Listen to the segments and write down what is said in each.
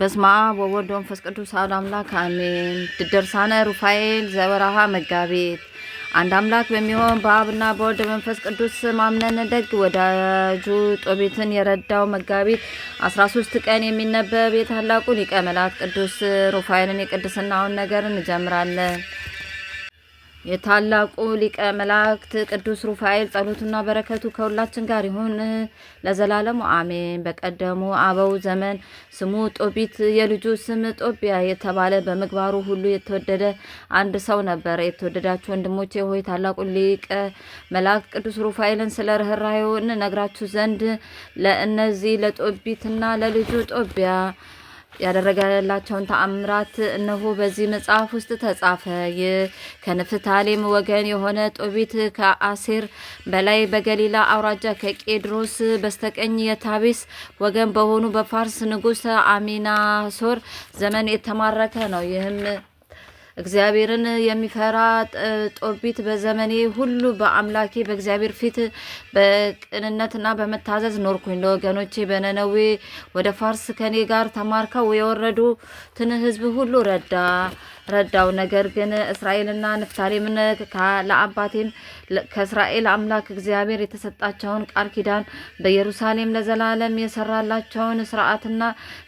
በስማ ወወልድ ወመንፈስ ቅዱስ አሐዱ አምላክ አሜን። ድርሳነ ሩፋኤል ዘወርኀ መጋቢት አንድ አምላክ በሚሆን በአብና በወልድ መንፈስ ቅዱስ ስም ደግ ወዳጁ ጦቢትን የረዳው መጋቢት 13 ቀን የሚነበብ የታላቁ ሊቀ መላእክት ቅዱስ ሩፋኤልን የቅድስናውን ነገር እንጀምራለን። የታላቁ ሊቀ መላእክት ቅዱስ ሩፋኤል ጸሎቱና በረከቱ ከሁላችን ጋር ይሁን ለዘላለሙ አሜን። በቀደሙ አበው ዘመን ስሙ ጦቢት የልጁ ስም ጦቢያ የተባለ በምግባሩ ሁሉ የተወደደ አንድ ሰው ነበረ። የተወደዳችሁ ወንድሞቼ ሆይ ታላቁ ሊቀ መላእክት ቅዱስ ሩፋኤልን ስለ ርኅራኄው እንነግራችሁ ዘንድ ለእነዚህ ለጦቢትና ለልጁ ጦቢያ ያደረገላቸውን ተአምራት እነሆ በዚህ መጽሐፍ ውስጥ ተጻፈ። ይህ ከንፍታሌም ወገን የሆነ ጦቢት ከአሴር በላይ በገሊላ አውራጃ ከቄድሮስ በስተቀኝ የታቢስ ወገን በሆኑ በፋርስ ንጉሥ አሚናሶር ዘመን የተማረከ ነው። ይህም እግዚአብሔርን የሚፈራ ጦቢት በዘመኔ ሁሉ በአምላኬ በእግዚአብሔር ፊት በቅንነትና በመታዘዝ ኖርኩኝ። ለወገኖቼ በነነዌ ወደ ፋርስ ከኔ ጋር ተማርከው የወረዱትን ሕዝብ ሁሉ ረዳ ረዳው። ነገር ግን እስራኤልና ንፍታሌምን ለአባቴም ከእስራኤል አምላክ እግዚአብሔር የተሰጣቸውን ቃል ኪዳን በኢየሩሳሌም ለዘላለም የሰራላቸውን ስርዓትና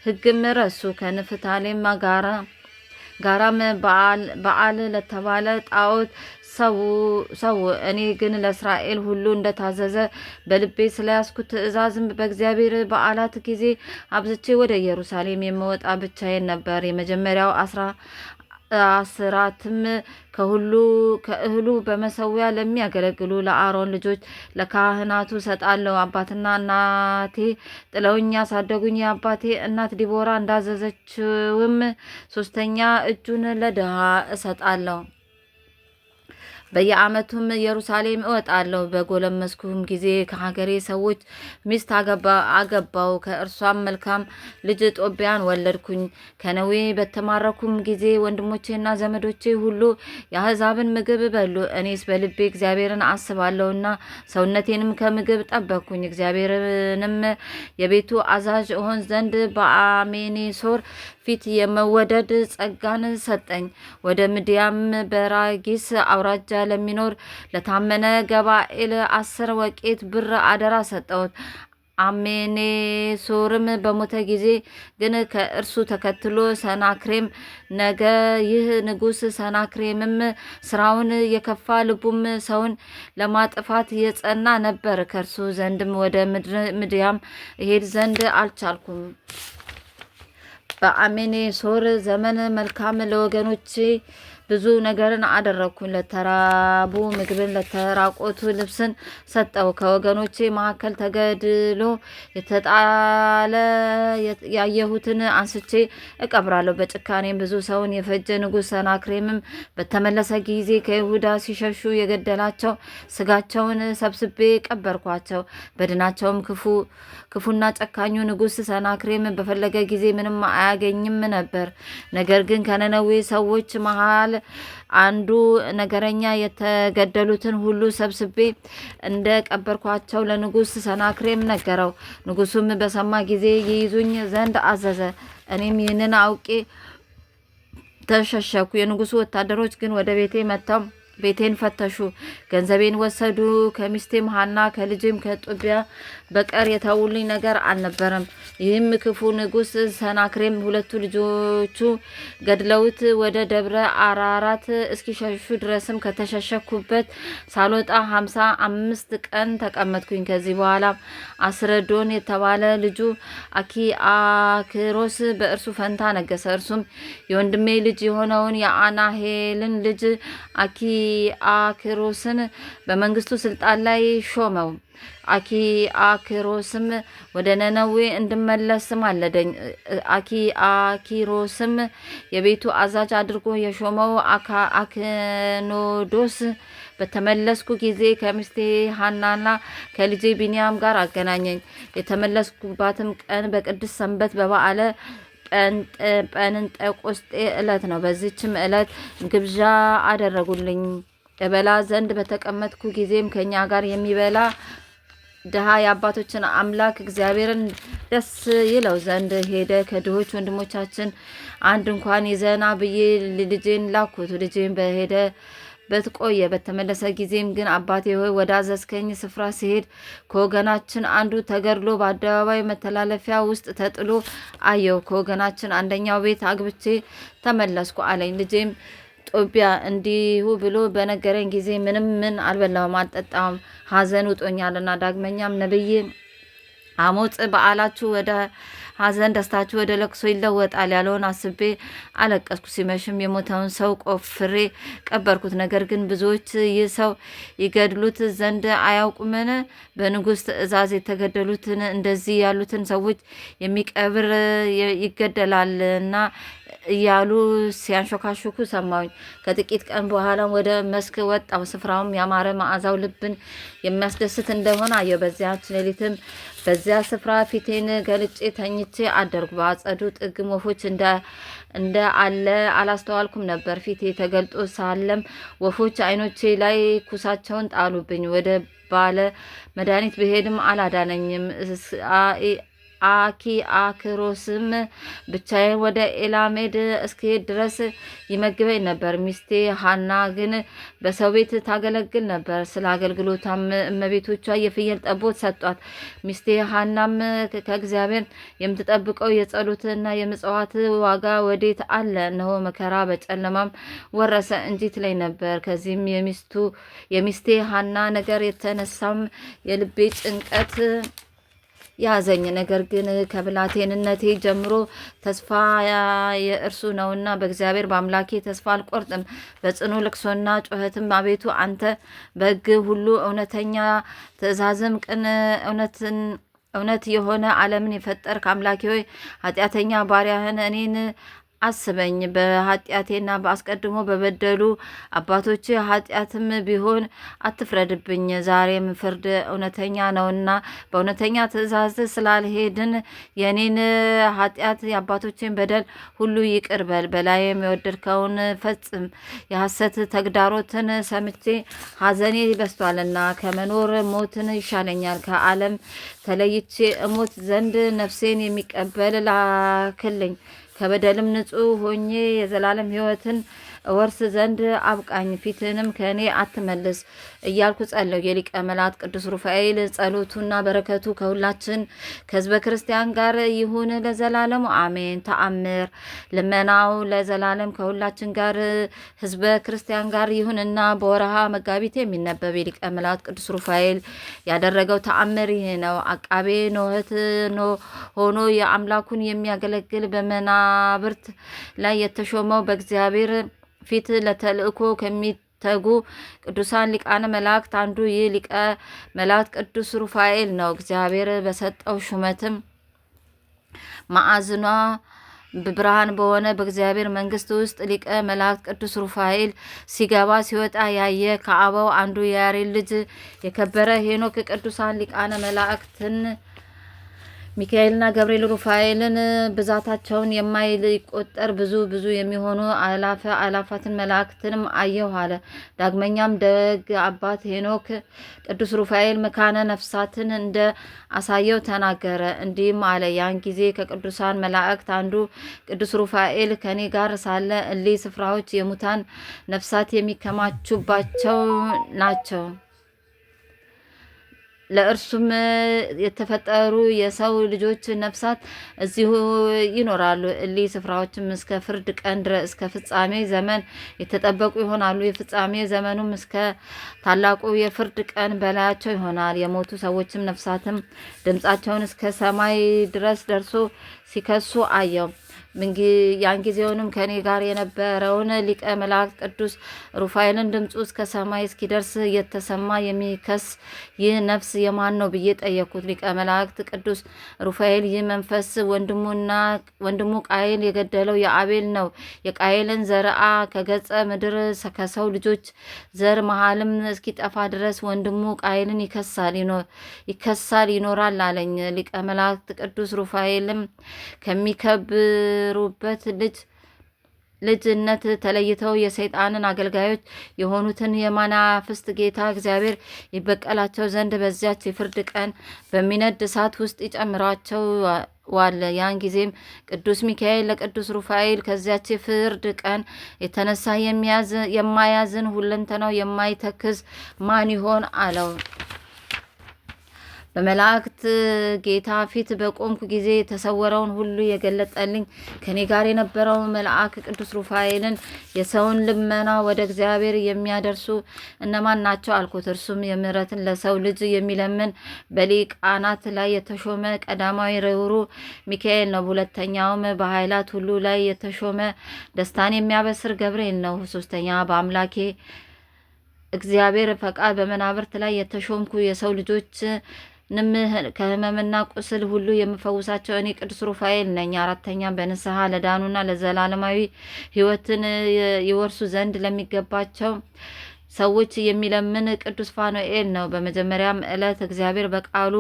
ሕግም ረሱ ከንፍታሌም ጋራ ጋራም በዓል ለተባለ ጣዖት ሰው እኔ ግን ለእስራኤል ሁሉ እንደታዘዘ በልቤ ስለያዝኩት ትእዛዝም በእግዚአብሔር በዓላት ጊዜ አብዝቼ ወደ ኢየሩሳሌም የምወጣ ብቻዬን ነበር። የመጀመሪያው አስራ አስራትም ከሁሉ ከእህሉ በመሰዊያ ለሚያገለግሉ ለአሮን ልጆች ለካህናቱ እሰጣለሁ። አባትና እናቴ ጥለውኝ ያሳደጉኝ የአባቴ እናት ዲቦራ እንዳዘዘችውም ሶስተኛ እጁን ለድሃ እሰጣለሁ። በየአመቱም ኢየሩሳሌም እወጣለሁ። በጎለመስኩም ጊዜ ከሀገሬ ሰዎች ሚስት አገባው፣ ከእርሷም መልካም ልጅ ጦቢያን ወለድኩኝ። ከነዌ በተማረኩም ጊዜ ወንድሞቼና ዘመዶቼ ሁሉ የአሕዛብን ምግብ በሉ። እኔስ በልቤ እግዚአብሔርን አስባለሁና ሰውነቴንም ከምግብ ጠበኩኝ እግዚአብሔርንም የቤቱ አዛዥ እሆን ዘንድ በአሜኔሶር ፊት የመወደድ ጸጋን ሰጠኝ። ወደ ምድያም በራጊስ አውራጃ ለሚኖር ለታመነ ገባኤል አስር ወቄት ብር አደራ ሰጠሁት። አሜኔሶርም በሞተ ጊዜ ግን ከእርሱ ተከትሎ ሰናክሬም ነገ ይህ ንጉሥ ሰናክሬምም ስራውን የከፋ ልቡም ሰውን ለማጥፋት የጸና ነበር። ከእርሱ ዘንድም ወደ ምድያም እሄድ ዘንድ አልቻልኩም። በአሜኔ ሶር ዘመን መልካም ለወገኖች ብዙ ነገርን አደረግኩኝ። ለተራቡ ምግብን፣ ለተራቆቱ ልብስን ሰጠው። ከወገኖቼ መካከል ተገድሎ የተጣለ ያየሁትን አንስቼ እቀብራለሁ። በጭካኔም ብዙ ሰውን የፈጀ ንጉሥ ሰናክሬምም በተመለሰ ጊዜ ከይሁዳ ሲሸሹ የገደላቸው ስጋቸውን ሰብስቤ ቀበርኳቸው። በድናቸውም ክፉ ክፉና ጨካኙ ንጉሥ ሰናክሬም በፈለገ ጊዜ ምንም አያገኝም ነበር። ነገር ግን ከነነዌ ሰዎች መሃል አንዱ ነገረኛ የተገደሉትን ሁሉ ሰብስቤ እንደ ቀበርኳቸው ለንጉስ ሰናክሬም ነገረው። ንጉሱም በሰማ ጊዜ ይይዙኝ ዘንድ አዘዘ። እኔም ይህንን አውቄ ተሸሸኩ። የንጉሱ ወታደሮች ግን ወደ ቤቴ መጥተው ቤቴን ፈተሹ፣ ገንዘቤን ወሰዱ። ከሚስቴም ሀና ከልጅም ከጦቢያ በቀር የተውልኝ ነገር አልነበረም። ይህም ክፉ ንጉሥ ሰናክሬም ሁለቱ ልጆቹ ገድለውት ወደ ደብረ አራራት እስኪሸሹ ድረስም ከተሸሸኩበት ሳልወጣ ሀምሳ አምስት ቀን ተቀመጥኩኝ። ከዚህ በኋላ አስረዶን የተባለ ልጁ አኪአክሮስ በእርሱ ፈንታ ነገሰ። እርሱም የወንድሜ ልጅ የሆነውን የአናሄልን ልጅ አኪ አኪሮስን በመንግስቱ ስልጣን ላይ ሾመው። አኪሮስም ወደ ነነዌ እንድመለስ አኪ አኪሮስም የቤቱ አዛዥ አድርጎ የሾመው አክኖዶስ በተመለስኩ ጊዜ ከሚስቴ ሀናና ከልጄ ቢንያም ጋር አገናኘኝ። የተመለስኩባትም ቀን በቅድስት ሰንበት በበዓለ ጴንጤቆስጤ እለት ነው። በዚችም እለት ግብዣ አደረጉልኝ እበላ ዘንድ በተቀመጥኩ ጊዜም ከእኛ ጋር የሚበላ ድሃ የአባቶችን አምላክ እግዚአብሔርን ደስ ይለው ዘንድ ሄደ። ከድሆች ወንድሞቻችን አንድ እንኳን ይዘና ብዬ ልጄን ላኩት። ልጄን በሄደ በትቆየ በተመለሰ ጊዜም ግን አባቴ ሆይ ወደ አዘዝከኝ ስፍራ ሲሄድ ከወገናችን አንዱ ተገድሎ በአደባባይ መተላለፊያ ውስጥ ተጥሎ አየው። ከወገናችን አንደኛው ቤት አግብቼ ተመለስኩ አለኝ። ልጄም ጦቢያ እንዲሁ ብሎ በነገረኝ ጊዜ ምንም ምን አልበላውም፣ አልጠጣውም፣ ሀዘን ውጦኛልና ዳግመኛም ነብዬ ሐሞጽ በዓላችሁ ወደ ሐዘን ደስታችሁ ወደ ለቅሶ ይለወጣል። ያለውን አስቤ አለቀስኩ። ሲመሽም የሞተውን ሰው ቆፍሬ ቀበርኩት። ነገር ግን ብዙዎች ይህ ሰው ይገድሉት ዘንድ አያውቁምን? በንጉሥ ትእዛዝ የተገደሉትን እንደዚህ ያሉትን ሰዎች የሚቀብር ይገደላልና እያሉ ሲያንሾካሾኩ ሰማሁኝ። ከጥቂት ቀን በኋላ ወደ መስክ ወጣው። ስፍራውም ያማረ መዓዛው ልብን የሚያስደስት እንደሆነ አየሁ። በዚያች ሌሊትም በዚያ ስፍራ ፊቴን ገልጬ ተኝቼ አደርጉ። በአጸዱ ጥግም ወፎች እንደ አለ አላስተዋልኩም ነበር። ፊቴ ተገልጦ ሳለም ወፎች አይኖቼ ላይ ኩሳቸውን ጣሉብኝ። ወደ ባለ መድኃኒት ብሄድም አላዳነኝም። አኪአክሮስም ብቻዬን ወደ ኤላሜድ እስክሄድ ድረስ ይመግበኝ ነበር። ሚስቴ ሀና ግን በሰው ቤት ታገለግል ነበር። ስለ አገልግሎቷም እመቤቶቿ የፍየል ጠቦት ሰጧት። ሚስቴ ሀናም ከእግዚአብሔር የምትጠብቀው የጸሎትና የምጽዋት ዋጋ ወዴት አለ? እነሆ መከራ በጨለማም ወረሰ እንጂ ትለኝ ነበር። ከዚህም የሚስቱ የሚስቴ ሀና ነገር የተነሳም የልቤ ጭንቀት ያዘኝ። ነገር ግን ከብላቴንነቴ ጀምሮ ተስፋ የእርሱ ነውና በእግዚአብሔር በአምላኬ ተስፋ አልቆርጥም። በጽኑ ልቅሶና ጩኸትም አቤቱ አንተ በሕግ ሁሉ እውነተኛ ትእዛዝም ቅን እውነትን እውነት የሆነ ዓለምን የፈጠርክ አምላኬ ሆይ ኃጢአተኛ ባሪያህን እኔን አስበኝ በኃጢአቴና በአስቀድሞ በበደሉ አባቶች ኃጢአትም ቢሆን አትፍረድብኝ። ዛሬም ፍርድ እውነተኛ ነውና በእውነተኛ ትእዛዝ ስላልሄድን የኔን ኃጢአት የአባቶችን በደል ሁሉ ይቅር በል። በላይም የወደድከውን ፈጽም። የሐሰት ተግዳሮትን ሰምቼ ሐዘኔ በስቷልና ከመኖር ሞትን ይሻለኛል። ከዓለም ተለይቼ እሞት ዘንድ ነፍሴን የሚቀበል ላክልኝ። ከበደልም ንጹህ ሆኜ የዘላለም ህይወትን ወርስ ዘንድ አብቃኝ፣ ፊትንም ከእኔ አትመልስ እያልኩ ጸለው። የሊቀ መላእክት ቅዱስ ሩፋኤል ጸሎቱና በረከቱ ከሁላችን ከህዝበ ክርስቲያን ጋር ይሁን ለዘላለሙ አሜን። ተአምር ልመናው ለዘላለም ከሁላችን ጋር ህዝበ ክርስቲያን ጋር ይሁንና በወረሃ መጋቢት የሚነበብ የሊቀ መላእክት ቅዱስ ሩፋኤል ያደረገው ተአምር ይህ ነው። አቃቤ ኖህት ሆኖ የአምላኩን የሚያገለግል በመናብርት ላይ የተሾመው በእግዚአብሔር ፊት ለተልእኮ ከሚተጉ ቅዱሳን ሊቃነ መላእክት አንዱ ይህ ሊቀ መላእክት ቅዱስ ሩፋኤል ነው። እግዚአብሔር በሰጠው ሹመትም ማዕዝኗ ብርሃን በሆነ በእግዚአብሔር መንግስት ውስጥ ሊቀ መላእክት ቅዱስ ሩፋኤል ሲገባ ሲወጣ ያየ ከአበው አንዱ የያሬድ ልጅ የከበረ ሄኖክ ቅዱሳን ሊቃነ መላእክትን ሚካኤልና ገብርኤል ሩፋኤልን ብዛታቸውን የማይቆጠር ብዙ ብዙ የሚሆኑ አላፈ አላፋትን መላእክትንም አየሁ አለ። ዳግመኛም ደግ አባት ሄኖክ ቅዱስ ሩፋኤል መካነ ነፍሳትን እንደ አሳየው ተናገረ። እንዲህም አለ። ያን ጊዜ ከቅዱሳን መላእክት አንዱ ቅዱስ ሩፋኤል ከኔ ጋር ሳለ እሊ ስፍራዎች የሙታን ነፍሳት የሚከማቹባቸው ናቸው። ለእርሱም የተፈጠሩ የሰው ልጆች ነፍሳት እዚሁ ይኖራሉ። እሊ ስፍራዎችም እስከ ፍርድ ቀን ድረስ እስከ ፍጻሜ ዘመን የተጠበቁ ይሆናሉ። የፍጻሜ ዘመኑም እስከ ታላቁ የፍርድ ቀን በላያቸው ይሆናል። የሞቱ ሰዎችም ነፍሳትም ድምፃቸውን እስከ ሰማይ ድረስ ደርሶ ሲከሱ አየው። ያን ጊዜውንም ከእኔ ጋር የነበረውን ሊቀ መላእክት ቅዱስ ሩፋኤልን ድምፁ እስከ ሰማይ እስኪደርስ እየተሰማ የሚከስ ይህ ነፍስ የማን ነው ብዬ ጠየኩት። ሊቀ መላእክት ቅዱስ ሩፋኤል ይህ መንፈስ ወንድሙና ወንድሙ ቃይል የገደለው የአቤል ነው። የቃይልን ዘርአ ከገጸ ምድር ከሰው ልጆች ዘር መሃልም እስኪጠፋ ድረስ ወንድሙ ቃይልን ይከሳል ይኖራል አለኝ። ሊቀ መላእክት ቅዱስ ሩፋኤልም ከሚከብ ከሚያድሩበት ልጅ ልጅነት ተለይተው የሰይጣንን አገልጋዮች የሆኑትን የመናፍስት ጌታ እግዚአብሔር ይበቀላቸው ዘንድ በዚያች የፍርድ ቀን በሚነድ እሳት ውስጥ ዋለ። ያን ጊዜም ቅዱስ ሚካኤል ለቅዱስ ሩፋኤል ከዚያች የፍርድ ቀን የተነሳ የማያዝን ሁለንተናው የማይተክዝ ማን ይሆን አለው። በመላእክት ጌታ ፊት በቆምኩ ጊዜ የተሰወረውን ሁሉ የገለጠልኝ ከኔ ጋር የነበረው መልአክ ቅዱስ ሩፋኤልን የሰውን ልመና ወደ እግዚአብሔር የሚያደርሱ እነማን ናቸው አልኩት። እርሱም የምሕረትን ለሰው ልጅ የሚለምን በሊቃናት ላይ የተሾመ ቀዳማዊ ርኅሩዕ ሚካኤል ነው። ሁለተኛውም በኃይላት ሁሉ ላይ የተሾመ ደስታን የሚያበስር ገብርኤል ነው። ሶስተኛ በአምላኬ እግዚአብሔር ፈቃድ በመናብርት ላይ የተሾምኩ የሰው ልጆች ከህመምና ቁስል ሁሉ የምፈውሳቸው እኔ ቅዱስ ሩፋኤል ነኝ። አራተኛ በንስሐ ለዳኑና ለዘላለማዊ ህይወትን ይወርሱ ዘንድ ለሚገባቸው ሰዎች የሚለምን ቅዱስ ፋኖኤል ነው። በመጀመሪያም ዕለት እግዚአብሔር በቃሉ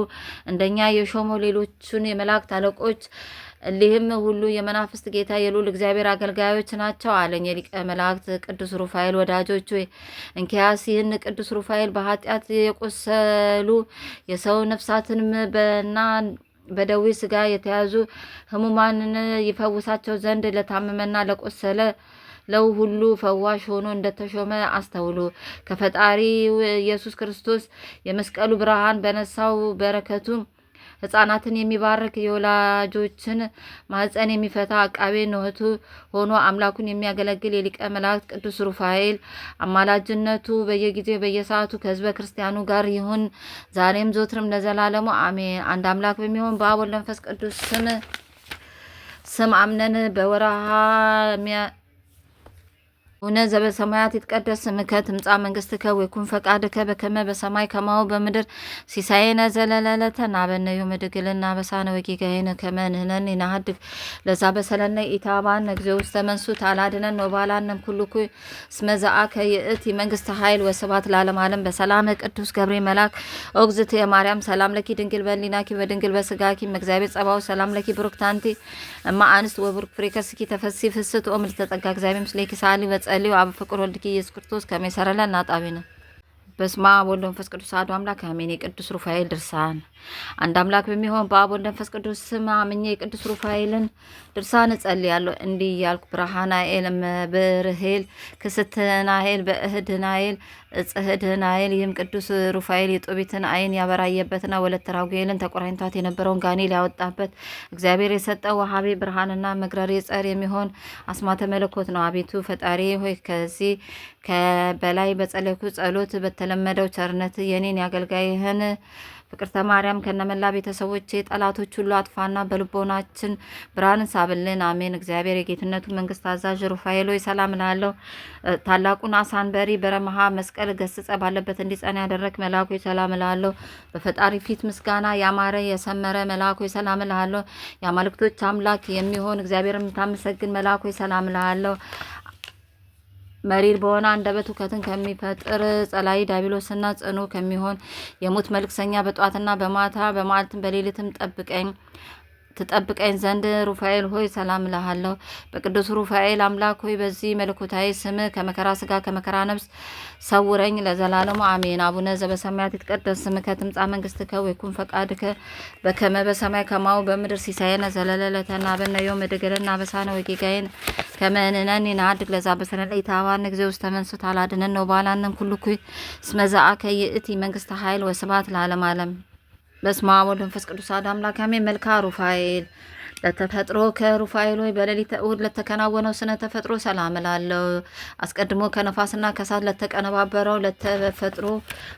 እንደኛ የሾመው ሌሎቹን የመላእክት አለቆች እሊህም ሁሉ የመናፍስት ጌታ የሉል እግዚአብሔር አገልጋዮች ናቸው አለኝ። የሊቀ መላእክት ቅዱስ ሩፋኤል ወዳጆች ወይ እንኪያስ ይህን ቅዱስ ሩፋኤል በኃጢአት የቆሰሉ የሰው ነፍሳትንም በና በደዌ ስጋ የተያዙ ህሙማንን ይፈውሳቸው ዘንድ ለታመመና ለቆሰለ ለው ሁሉ ፈዋሽ ሆኖ እንደተሾመ አስተውሉ። ከፈጣሪው ኢየሱስ ክርስቶስ የመስቀሉ ብርሃን በነሳው በረከቱ ህጻናትን የሚባርክ የወላጆችን ማህፀን የሚፈታ አቃቤ ንህቱ ሆኖ አምላኩን የሚያገለግል የሊቀ መላእክት ቅዱስ ሩፋኤል አማላጅነቱ በየጊዜው በየሰዓቱ ከህዝበ ክርስቲያኑ ጋር ይሁን ዛሬም ዘወትርም ለዘላለሙ አሜን። አንድ አምላክ በሚሆን በአብ ወልድ ቅዱስ ስም አምነን በወረሃ እውነ ዘበሰማያት ይትቀደስ ስምከ ትምጻእ መንግስትከ ወይኩን ፈቃድከ በከመ በሰማይ ከማው በምድር ሲሳየነ ዘለለዕለትነ ሀበነ ዮም ወኅድግ አበሳነ ወጌጋየነ ከመ ንሕነኒ ንኅድግ ለዘአበሰለነ ኢታብአነ እግዚኦ ውስተ መንሱት አላድነን ወባልሐነ እምኩሉ እስመ ዘአከ ይእቲ መንግስተ ኃይል ወስብሐት ለዓለመ ዓለም በሰላም ቅዱስ ገብርኤል መልአክ ኦግዝት የማርያም ሰላም ለኪ ድንግል በሊናኪ ወድንግል በስጋኪ እግዚአብሔር ጸባው ሰላም ለኪ ብሩክታንቲ እማ አንስት ወብሩክ ፍሬ ከርስኪ ተፈሲ ፍስት ኦም ልተጠጋ እግዚአብሔር ምስሌኪ ሰአሊ ጸልዩ አብ ፍቅር ወልድኪ ኢየሱስ ክርስቶስ ከመይ ሰረለ ለነ ኃጣውኢነ በስመ አብ ወወልድ ወመንፈስ ቅዱስ አሐዱ አምላክ አሜን። የቅዱስ ሩፋኤል ድርሳን። አንድ አምላክ በሚሆን በአብ ወልድ መንፈስ ቅዱስ ስም አምኜ የቅዱስ ሩፋኤልን ድርሳን እጸልያለሁ እንዲህ እያልኩ ብርሃናኤል እምብርሄል ክስትናኤል በእህድናኤል ጽህድ ናይል ይህም ቅዱስ ሩፋኤል የጦቢትን አይን ያበራየበትና ወለተ ራጉኤልን ተቆራኝቷት የነበረውን ጋኔል ያወጣበት እግዚአብሔር የሰጠው ወሀቤ ብርሃንና መግረሪ ጸር የሚሆን አስማተ መለኮት ነው። አቤቱ ፈጣሪ ሆይ ከዚህ ከበላይ በጸለኩ ጸሎት በተለመደው ቸርነት የኔን ያገልጋይህን ፍቅርተ ማርያም ከነመላ ቤተሰቦቼ ጠላቶች ሁሉ አጥፋና በልቦናችን ብርሃንን ሳብልን። አሜን። እግዚአብሔር የጌትነቱ መንግስት አዛዥ ሩፋኤሎ ሰላም እልሃለሁ። ታላቁን አሳንበሪ አንበሪ በረመሃ መስቀል ገስጸ ባለበት እንዲጸን ያደረግ መላኩ ሰላም ላለው በፈጣሪ ፊት ምስጋና ያማረ የሰመረ መላኩ ሰላም ላለው የአማልክቶች አምላክ የሚሆን እግዚአብሔር የምታመሰግን መላኩ ሰላም ላለው መሪር በሆነ አንደበቱ ሁከትን ከሚፈጥር ጸላይ ዳቢሎስና ጽኑ ከሚሆን የሙት መልክሰኛ በጧትና በማታ በመዓልትም በሌሊትም ጠብቀኝ። ትጠብቀኝ ዘንድ ሩፋኤል ሆይ ሰላም እልሃለሁ። በቅዱስ ሩፋኤል አምላክ ሆይ በዚህ መለኮታዊ ስም ከመከራ ስጋ ከመከራ ነብስ ሰውረኝ ለዘላለሙ አሜን። አቡነ ዘበሰማያት ይትቀደስ ስምከ ትምጻእ መንግሥትከ ወይኩን ፈቃድከ በከመ በሰማይ ከማሁ በምድር ሲሳየነ ዘለለዕለትነ ሀበነ ዮም ወኅድግረነ አበሳነ ወጌጋየነ ከመ ንሕነኒ ንኅድግ ለዘአበሰነ ለኢታብአነ ጊዜ ውስተ መንሱት አላድነን ነው ባላነን ኩሉ ኩይ እስመ ዘአከ ይእቲ መንግሥተ ኃይል ወስብሐት ለዓለመ ዓለም በስመ አብ ወመንፈስ ቅዱስ አሐዱ አምላክ አሜን። መልክአ ሩፋኤል ለተፈጥሮ ከሩፋኤል ሆይ በሌሊተ እሁድ ለተከናወነው ስነ ተፈጥሮ ሰላም እላለሁ። አስቀድሞ ከነፋስና ከሳት ለተቀነባበረው ለተፈጥሮ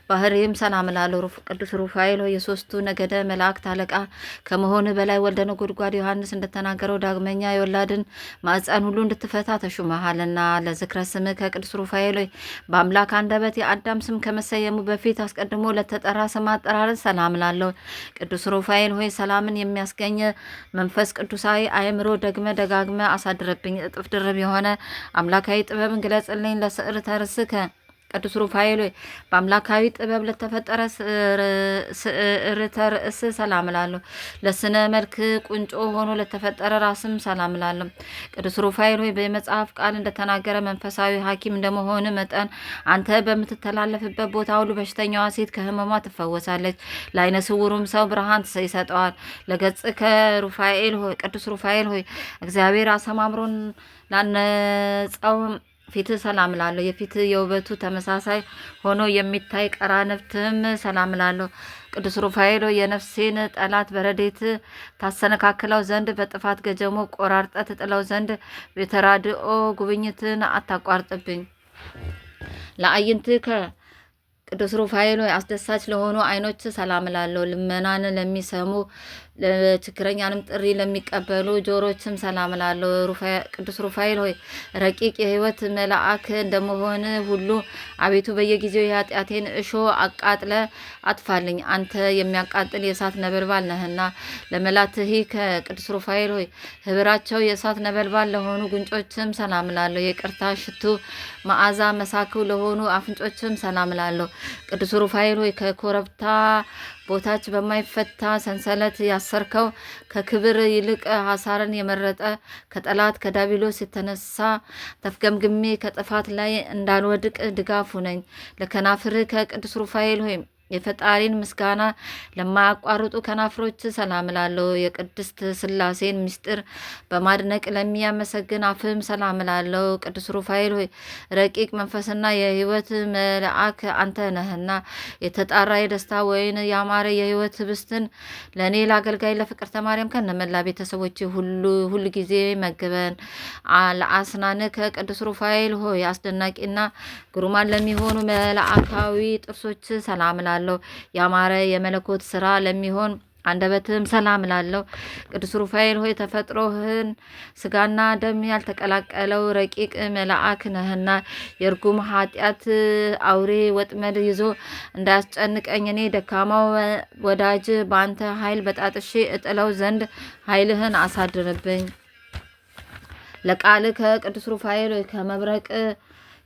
ባህርይም ሰላም እላለሁ። ቅዱስ ሩፋኤል ሆይ የሶስቱ ነገደ መላእክት አለቃ ከመሆን በላይ ወልደ ነጎድጓድ ዮሐንስ እንደተናገረው ዳግመኛ የወላድን ማዕፀን ሁሉ እንድትፈታ ተሹመሃልና ለዝክረ ስም ከቅዱስ ሩፋኤል ሆይ በአምላክ አንደበት የአዳም ስም ከመሰየሙ በፊት አስቀድሞ ለተጠራ ስም አጠራርን ሰላም እላለሁ። ቅዱስ ሩፋኤል ሆይ ሰላምን የሚያስገኝ መንፈስ ቅዱሳዊ አእምሮ ደግመ ደጋግመ አሳድረብኝ። እጥፍ ድርብ የሆነ አምላካዊ ጥበብን ግለጽልኝ ለስዕር ተርስከ ቅዱስ ሩፋኤል በአምላካዊ ጥበብ ለተፈጠረ ርዕተ ርእስ ሰላም እላለሁ። ለስነ መልክ ቁንጮ ሆኖ ለተፈጠረ ራስም ሰላም እላለሁ። ቅዱስ ሩፋኤል ሆይ በመጽሐፍ ቃል እንደተናገረ መንፈሳዊ ሐኪም እንደመሆን መጠን አንተ በምትተላለፍበት ቦታ ሁሉ በሽተኛዋ ሴት ከህመሟ ትፈወሳለች፣ ለአይነ ስውሩም ሰው ብርሃን ይሰጠዋል። ለገጽ ከሩፋኤል ሆይ ቅዱስ ሩፋኤል ሆይ እግዚአብሔር አሰማምሮን ላነጸውም ፊትህ ሰላም ላለሁ የፊትህ የውበቱ ተመሳሳይ ሆኖ የሚታይ ቀራንብትህም ሰላም ላለሁ ቅዱስ ሩፋኤሎ የነፍሴን ጠላት በረዴት ታሰነካክለው ዘንድ በጥፋት ገጀሞ ቆራርጠ ትጥለው ዘንድ የተራድኦ ጉብኝትን አታቋርጥብኝ። ለአይንት ቅዱስ ሩፋኤሎ አስደሳች ለሆኑ አይኖች ሰላም ላለሁ ልመናን ለሚሰሙ ለችግረኛንም ጥሪ ለሚቀበሉ ጆሮችም ሰላም ላለው ቅዱስ ሩፋኤል ሆይ ረቂቅ የህይወት መልአክ እንደመሆን ሁሉ አቤቱ በየጊዜው የኃጢአቴን እሾ አቃጥለ አጥፋልኝ። አንተ የሚያቃጥል የእሳት ነበልባል ነህና ለመላትህ ከቅዱስ ሩፋኤል ሆይ ህብራቸው የእሳት ነበልባል ለሆኑ ጉንጮችም ሰላም ላለው የቅርታ ሽቱ መዓዛ መሳክው ለሆኑ አፍንጮችም ሰላም ላለው ቅዱስ ሩፋኤል ሆይ ከኮረብታ ቦታች በማይፈታ ሰንሰለት ያሰርከው ከክብር ይልቅ አሳርን የመረጠ ከጠላት ከዳቢሎስ የተነሳ ተፍገምግሜ ከጥፋት ላይ እንዳልወድቅ ድጋፍ ሁነኝ። ለከናፍር ከቅዱስ ሩፋኤል ሆይም የፈጣሪን ምስጋና ለማያቋርጡ ከናፍሮች ሰላም ላለው የቅድስት ስላሴን ምስጢር በማድነቅ ለሚያመሰግን አፍም ሰላም ላለው ቅዱስ ሩፋኤል ሆይ ረቂቅ መንፈስና የህይወት መልአክ አንተ ነህና የተጣራ የደስታ ወይን ያማረ የህይወት ህብስትን ለእኔ ለአገልጋይ ለፍቅርተ ማርያም ከነመላ ቤተሰቦች ሁሉ ሁል ጊዜ መግበን። ለአስናን ከቅዱስ ሩፋኤል ሆይ አስደናቂና ግሩማን ለሚሆኑ መልአካዊ ጥርሶች ሰላም እላለሁ። ያማረ የመለኮት ስራ ለሚሆን አንደበትም ሰላም ላለው ቅዱስ ሩፋኤል ሆይ ተፈጥሮህን ስጋና ደም ያልተቀላቀለው ረቂቅ መልአክ ነህና የእርጉም ኃጢአት አውሬ ወጥመድ ይዞ እንዳያስጨንቀኝ እኔ ደካማው ወዳጅ በአንተ ኃይል በጣጥሼ እጥለው ዘንድ ኃይልህን አሳድርብኝ። ለቃልከ ቅዱስ ሩፋኤል ከመብረቅ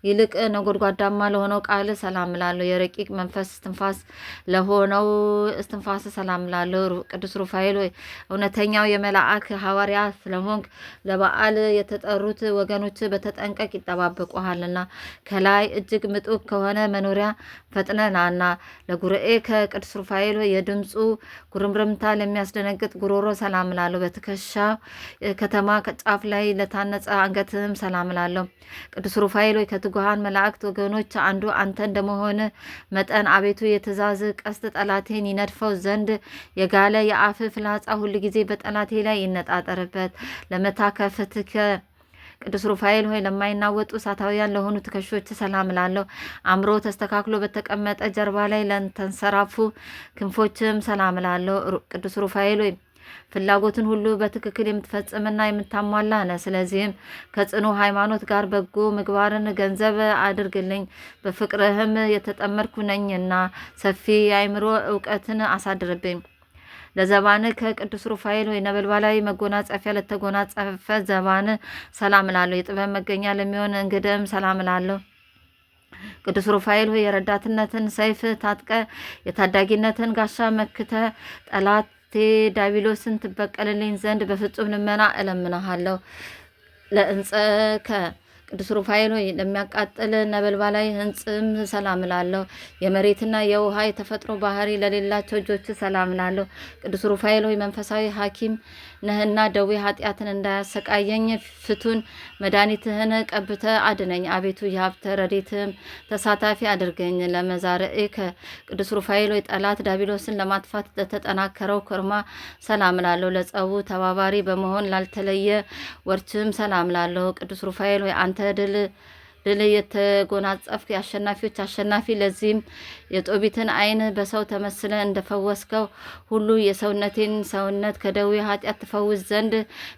ይልቅ ነጎድጓዳማ ለሆነው ቃል ሰላም ላለሁ የረቂቅ መንፈስ እስትንፋስ ለሆነው እስትንፋስ ሰላም ላለሁ ቅዱስ ሩፋኤል ወይ እውነተኛው የመላእክ ሐዋርያ ስለሆንክ ለበዓል የተጠሩት ወገኖች በተጠንቀቅ ይጠባበቁሃልና ከላይ እጅግ ምጡቅ ከሆነ መኖሪያ ፈጥነ ናና ለጉርኤ ከቅዱስ ሩፋኤል ወይ የድምፁ ጉርምርምታ ለሚያስደነግጥ ጉሮሮ ሰላም ላለ በትከሻ ከተማ ጫፍ ላይ ለታነጸ አንገትህም ሰላም ላለሁ ቅዱስ ሩፋኤል ወይ ትጉሃን መላእክት ወገኖች አንዱ አንተ እንደመሆን መጠን አቤቱ የትእዛዝ ቀስት ጠላቴን ይነድፈው ዘንድ የጋለ የአፍ ፍላጻ ጊዜ በጠላቴ ላይ ይነጣጠርበት። ለመታከፍትከ ቅዱስ ሩፋኤል ሆይ ለማይናወጡ እሳታውያን ለሆኑ ትከሾች ሰላም እላለሁ። አእምሮ ተስተካክሎ በተቀመጠ ጀርባ ላይ ለተንሰራፉ ክንፎችም ሰላም እላለሁ። ቅዱስ ሩፋኤል ሆይ ፍላጎትን ሁሉ በትክክል የምትፈጽምና የምታሟላ ነ። ስለዚህም ከጽኑ ሃይማኖት ጋር በጎ ምግባርን ገንዘብ አድርግልኝ። በፍቅርህም የተጠመድኩ ነኝና ሰፊ የአእምሮ እውቀትን አሳድርብኝ። ለዘባን ከቅዱስ ሩፋኤል ወይ ነበልባላዊ መጎናጸፊያ ለተጎናጸፈ ዘባን ሰላም እላለሁ። የጥበብ መገኛ ለሚሆን እንግድም ሰላም ላለሁ። ቅዱስ ሩፋኤል ሆይ የረዳትነትን ሰይፍ ታጥቀ የታዳጊነትን ጋሻ መክተ ጠላት ቴዳቢሎስን ትበቀልልኝ ዘንድ በፍጹም ልመና እለምናሃለሁ ለእንጸከ ቅዱስ ሩፋኤል ሆይ ለሚያቃጥል ነበልባላዊ ህንጽም ሰላም ላለሁ። የመሬትና የውሃ የተፈጥሮ ባህሪ ለሌላቸው እጆች ሰላም ላለሁ። ቅዱስ ሩፋኤል ሆይ መንፈሳዊ ሐኪም ነህና ደዌ ኃጢአትን እንዳያሰቃየኝ ፍቱን መድኃኒትህን ቀብተ አድነኝ። አቤቱ የሀብተ ረዴትህም ተሳታፊ አድርገኝ። ለመዛርዕከ ቅዱስ ሩፋኤል ሆይ ጠላት ዳቢሎስን ለማጥፋት ለተጠናከረው ኮርማ ሰላም ላለሁ። ለጸቡ ተባባሪ በመሆን ላልተለየ ወርችም ሰላም ላለሁ። ቅዱስ ሩፋኤል ሆይ አንተ አንተ ድል ድል የተጎናጸፍክ የአሸናፊዎች አሸናፊ ለዚህም የጦቢትን ዓይን በሰው ተመስለ እንደፈወስከው ሁሉ የሰውነቴን ሰውነት ከደዌ ኃጢአት ትፈውስ ዘንድ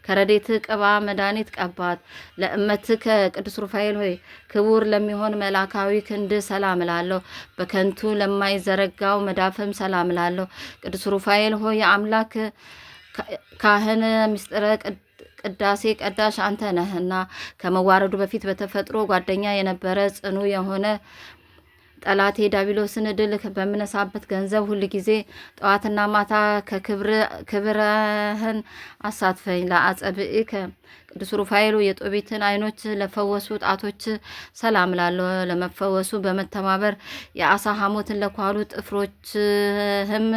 ከረዴት ቅባ መድኃኒት ቀባት። ለእመት ከቅዱስ ሩፋኤል ሆይ ክቡር ለሚሆን መላካዊ ክንድ ሰላም ላለሁ፣ በከንቱ ለማይዘረጋው መዳፍም ሰላም ላለሁ። ቅዱስ ሩፋኤል ሆይ የአምላክ ካህን ምስጢረ ቅዳሴ ቀዳሽ አንተ ነህና ከመዋረዱ በፊት በተፈጥሮ ጓደኛ የነበረ ጽኑ የሆነ ጠላቴ ዳቢሎስን ድል በምነሳበት ገንዘብ ሁል ጊዜ ጠዋትና ማታ ከክብርህን አሳትፈኝ ለአጸብእከ ቅዱስ ሩፋኤሉ የጦቢትን አይኖች ለፈወሱ ጣቶች ሰላም ላለው ለመፈወሱ በመተባበር የአሳ ሐሞትን ለኳሉ ጥፍሮችህም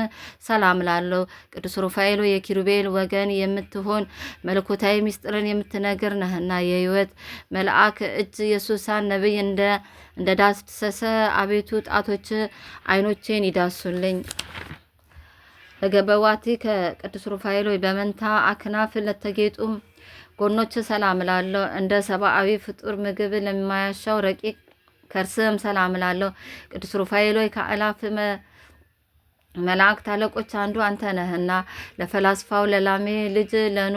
ሰላም ላለው ቅዱስ ሩፋኤሉ የኪሩቤል ወገን የምትሆን መልኮታዊ ሚስጥርን የምትነግር ነህና የህይወት መልአክ እጅ የሱሳን ነቢይ እንደ ዳሰሰ አቤቱ ጣቶች አይኖቼን ይዳሱልኝ። በገበዋቲ ከቅዱስ ሩፋኤሎ በመንታ አክናፍ ለተጌጡ ጎኖች ሰላም እላለሁ። እንደ ሰብአዊ ፍጡር ምግብ ለማያሻው ረቂቅ ከርስም ሰላም እላለሁ። ቅዱስ ሩፋኤል ሆይ ከአላፍ መላእክት አለቆች አንዱ አንተ ነህና ለፈላስፋው ለላሜ ልጅ ለኖ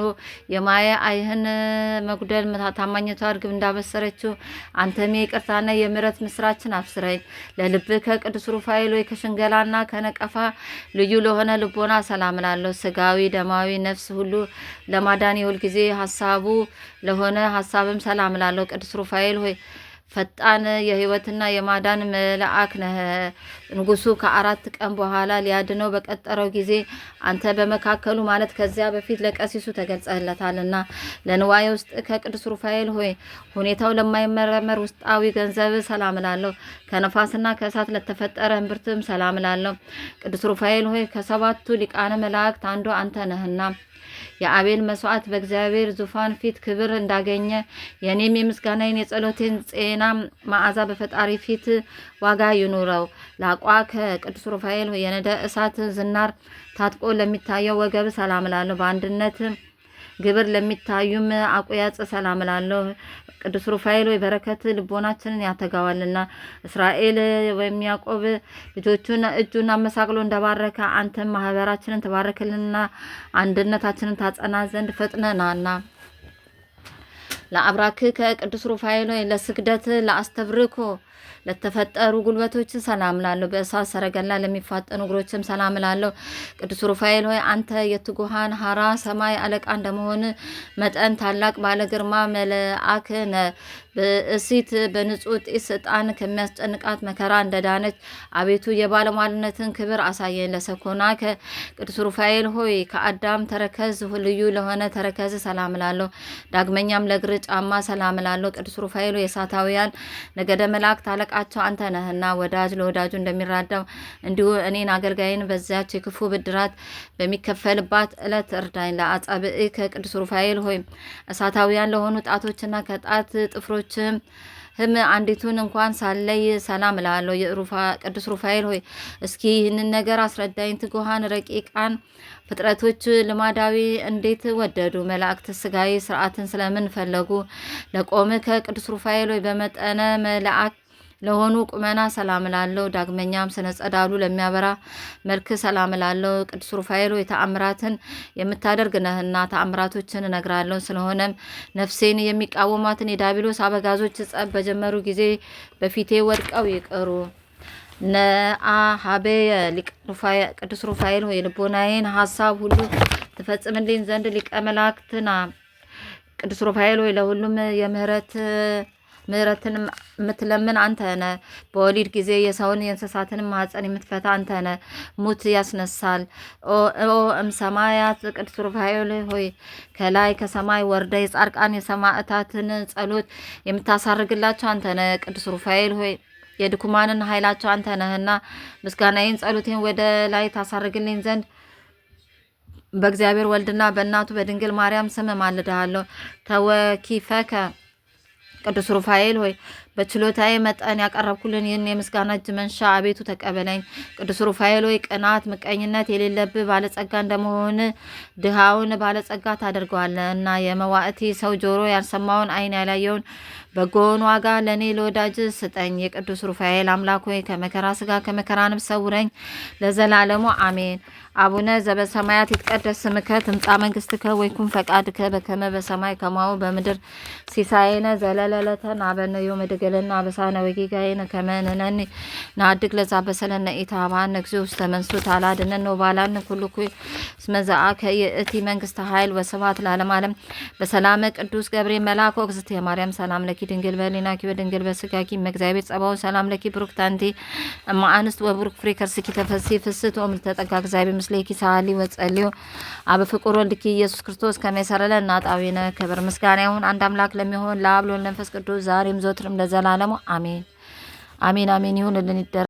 የማየ አይህን መጉደል ታማኝቷ እርግብ እንዳበሰረችው አንተም የይቅርታና የምረት ምስራችን አብስረኝ። ለልብ ከቅዱስ ሩፋኤል ወይ ከሽንገላና ከነቀፋ ልዩ ለሆነ ልቦና ሰላም ላለሁ ስጋዊ ደማዊ ነፍስ ሁሉ ለማዳን የሁልጊዜ ሀሳቡ ለሆነ ሀሳብም ሰላም ላለሁ ቅዱስ ሩፋኤል ሆይ ፈጣን የህይወትና የማዳን መልአክ ነህ። ንጉሱ ከአራት ቀን በኋላ ሊያድነው በቀጠረው ጊዜ አንተ በመካከሉ ማለት ከዚያ በፊት ለቀሲሱ ተገልጸህለታልና ለንዋየ ውስጥ ከቅዱስ ሩፋኤል ሆይ ሁኔታው ለማይመረመር ውስጣዊ ገንዘብ ሰላም ላለሁ ከነፋስና ከእሳት ለተፈጠረ እምብርትም ሰላም ላለሁ ቅዱስ ሩፋኤል ሆይ ከሰባቱ ሊቃነ መላእክት አንዱ አንተ ነህና የአቤል መስዋዕት በእግዚአብሔር ዙፋን ፊት ክብር እንዳገኘ የእኔም የምስጋናዬን የጸሎቴን ጤና መዓዛ በፈጣሪ ፊት ዋጋ ይኑረው። ላቋ ከቅዱስ ሩፋኤል የነደ እሳት ዝናር ታጥቆ ለሚታየው ወገብ ሰላም በአንድነት ግብር ለሚታዩም አቁያጽ ሰላም እላለሁ። ቅዱስ ሩፋኤል ወይ በረከት ልቦናችንን ያተጋዋልና እስራኤል ወይም ያዕቆብ ልጆቹን እጁን አመሳቅሎ እንደባረከ አንተም ማህበራችንን ተባረክልንና አንድነታችንን ታጸና ዘንድ ፈጥነናና ለአብራክ ከቅዱስ ሩፋኤል ወይ ለስግደት ለአስተብርኮ ለተፈጠሩ ጉልበቶችን ሰላም ላለሁ በእሳት ሰረገላ ለሚፋጠኑ እግሮችም ሰላም ላለሁ። ቅዱስ ሩፋኤል ሆይ አንተ የትጉሃን ሀራ ሰማይ አለቃ እንደመሆን መጠን ታላቅ ባለግርማ መልአክ ነ ብእሲት በንጹህ ጢስ ዕጣን ከሚያስጨንቃት መከራ እንደዳነች አቤቱ የባለሟልነትን ክብር አሳየን። ለሰኮና ከቅዱስ ሩፋኤል ሆይ ከአዳም ተረከዝ ልዩ ለሆነ ተረከዝ ሰላም ላለሁ። ዳግመኛም ለእግር ጫማ ሰላም ላለሁ። ቅዱስ ሩፋኤል የእሳታውያን ነገደ መላእክት አለቃቸው አንተ ነህና ወዳጅ ለወዳጁ እንደሚራዳው እንዲሁ እኔን አገልጋይን በዚያች የክፉ ብድራት በሚከፈልባት እለት እርዳኝ። ለአጻብእ ከቅዱስ ሩፋኤል ሆይ እሳታውያን ለሆኑ ጣቶችና ከጣት ጥፍሮችም ህም አንዲቱን እንኳን ሳለይ ሰላም እላለሁ። ቅዱስ ሩፋኤል ሆይ እስኪ ይህንን ነገር አስረዳኝ። ትጉሃን ረቂቃን ፍጥረቶች ልማዳዊ እንዴት ወደዱ? መላእክት ስጋዊ ስርዓትን ስለምን ፈለጉ? ለቆም ከቅዱስ ሩፋኤል ሆይ በመጠነ መላእክ ለሆኑ ቁመና ሰላም ላለው ዳግመኛም ስነ ጸዳሉ ለሚያበራ መልክ ሰላም ላለው ቅዱስ ሩፋኤል የተአምራትን የምታደርግ ነህና ተአምራቶችን እነግራለሁ። ስለሆነም ነፍሴን የሚቃወሟትን የዳቢሎስ አበጋዞች ጸብ በጀመሩ ጊዜ በፊቴ ወድቀው ይቅሩ። ነአ ሀቤ ቅዱስ ሩፋኤል ሆይ ልቦናዬን ሀሳብ ሁሉ ትፈጽምልኝ ዘንድ ሊቀ መላእክትና ቅዱስ ሩፋኤል ሆይ ለሁሉም የምህረት ምሕረትን የምትለምን አንተ ነ በወሊድ ጊዜ የሰውን የእንስሳትን ማህፀን የምትፈታ አንተ ነ ሙት ያስነሳል። ኦ እምሰማያት ቅዱስ ሩፋኤል ሆይ ከላይ ከሰማይ ወርደ የጻድቃን የሰማዕታትን ጸሎት የምታሳርግላቸው አንተ ነ ቅዱስ ሩፋኤል ሆይ የድኩማንን ኃይላቸው አንተ ነህና ምስጋናዬን ጸሎቴን ወደ ላይ ታሳርግልኝ ዘንድ በእግዚአብሔር ወልድና በእናቱ በድንግል ማርያም ስም ማልድሃለሁ። ተወኪፈከ ቅዱስ ሩፋኤል ሆይ በችሎታዬ መጠን ያቀረብኩልን ይህን የምስጋና እጅ መንሻ አቤቱ ተቀበለኝ። ቅዱስ ሩፋኤል ሆይ ቅናት፣ ምቀኝነት የሌለብህ ባለጸጋ እንደመሆን ድሃውን ባለጸጋ ታደርገዋለህ እና የመዋእቲ ሰው ጆሮ ያልሰማውን አይን ያላየውን በጎውን ዋጋ ለእኔ ለወዳጅ ስጠኝ። የቅዱስ ሩፋኤል አምላክ ሆይ ከመከራ ስጋ ከመከራ ነፍስ ሰውረኝ። ለዘላለሙ አሜን። አቡነ ዘበሰማያት ይትቀደስ ስምከ ትምጻእ መንግስትከ ወይኩን ፈቃድከ በከመ በሰማይ ከማሁ በምድር ሲሳየነ ዘለለዕለትነ ሀበነ ዮም ወንጌልና በሳነ ወጌጋዬነ ከመ ንሕነኒ ለዛ በሰለነ ኢታብአነ እግዚኦ ውስተ መንሱ ታላድነን ባላን ኩሉ ኩ ስመዛአ ከየእቲ መንግስተ ኃይል ወስብሐት ለዓለመ ዓለም። በሰላመ ቅዱስ ገብርኤል መልአክ ወእግዝእትየ የማርያም ሰላም ለኪ ድንግል በሕሊናኪ በድንግል በሥጋኪ እመ እግዚአብሔር ጸባው ሰላም ለኪ ብሩክት አንቲ እማአንስት አንስት ወብሩክ ፍሬ ከርስኪ ተፈሥሒ ፍስሕት ወምልዕተ ጸጋ እግዚአብሔር ምስሌኪ ሰዓሊ ወጸልዩ አብ ፍቁር ወልድኪ ኢየሱስ ክርስቶስ ከመሰረለ እናጣዊነ ክብር ምስጋና ይሁን አንድ አምላክ ለሚሆን ለአብ ለወልድ ለመንፈስ ቅዱስ ዛሬም ዘወትርም ለዘ ለዘላለሙ አሜን አሜን አሜን ይሁንልን